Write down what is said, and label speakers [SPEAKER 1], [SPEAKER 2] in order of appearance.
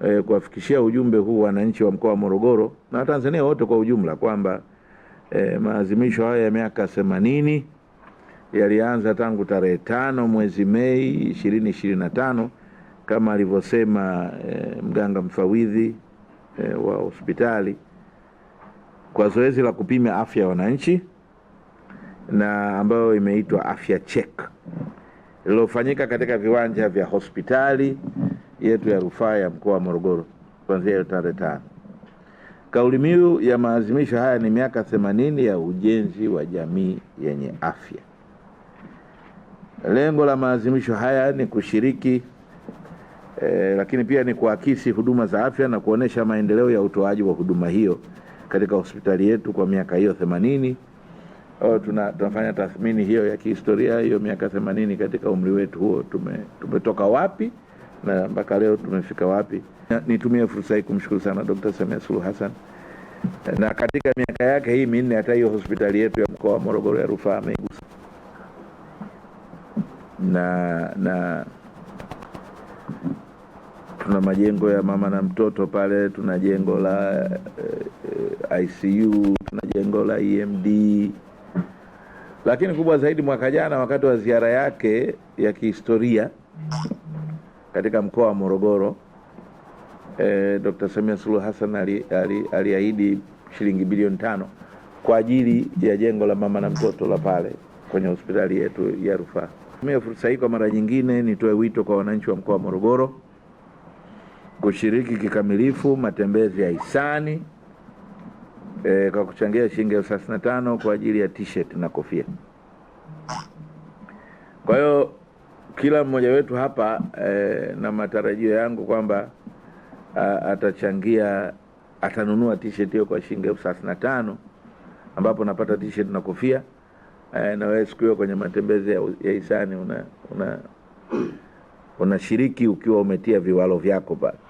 [SPEAKER 1] e, kuwafikishia ujumbe huu wananchi wa mkoa wa Morogoro na Watanzania wote kwa ujumla kwamba e, eh, maadhimisho haya ya miaka themanini yalianza tangu tarehe tano mwezi Mei ishirini ishirini na tano kama alivyosema e, mganga mfawidhi e, wa hospitali kwa zoezi la kupima afya ya wananchi na ambayo imeitwa afya check lilofanyika katika viwanja vya hospitali yetu ya rufaa ya mkoa wa Morogoro kuanzia hiyo tarehe tano. Kauli mbiu ya maazimisho haya ni miaka themanini ya ujenzi wa jamii yenye afya. Lengo la maazimisho haya ni kushiriki eh, lakini pia ni kuakisi huduma za afya na kuonesha maendeleo ya utoaji wa huduma hiyo katika hospitali yetu kwa miaka hiyo themanini. Oh, tuna, tunafanya tathmini hiyo ya kihistoria hiyo miaka themanini katika umri wetu huo tumetoka tume, wapi na mpaka leo tumefika wapi. Nitumie fursa hii kumshukuru sana Dr. Samia Suluhu Hassan, na katika miaka yake hii minne hata hiyo hospitali yetu ya mkoa wa Morogoro ya rufaa ameigusa na, na tuna majengo ya mama na mtoto pale, tuna jengo la uh, eh, ICU, tuna jengo la EMD. Lakini kubwa zaidi, mwaka jana wakati wa ziara yake ya kihistoria katika mkoa wa Morogoro eh, Dr. Samia Suluhu Hassan aliahidi ali, ali shilingi bilioni tano kwa ajili ya jengo la mama na mtoto la pale kwenye hospitali yetu ya rufaa. Mimi fursa hii kwa mara nyingine nitoe wito kwa wananchi wa mkoa wa Morogoro kushiriki kikamilifu matembezi ya hisani e, kwa kuchangia shilingi elfu thelathini na tano kwa ajili ya t-shirt na kofia. Kwa hiyo kila mmoja wetu hapa eh, na matarajio yangu kwamba atachangia atanunua t-shirt hiyo kwa shilingi elfu thelathini na tano ambapo napata t-shirt na kofia eh, na wewe siku hiyo kwenye matembezi ya, ya hisani una, una unashiriki ukiwa umetia viwalo vyako pale.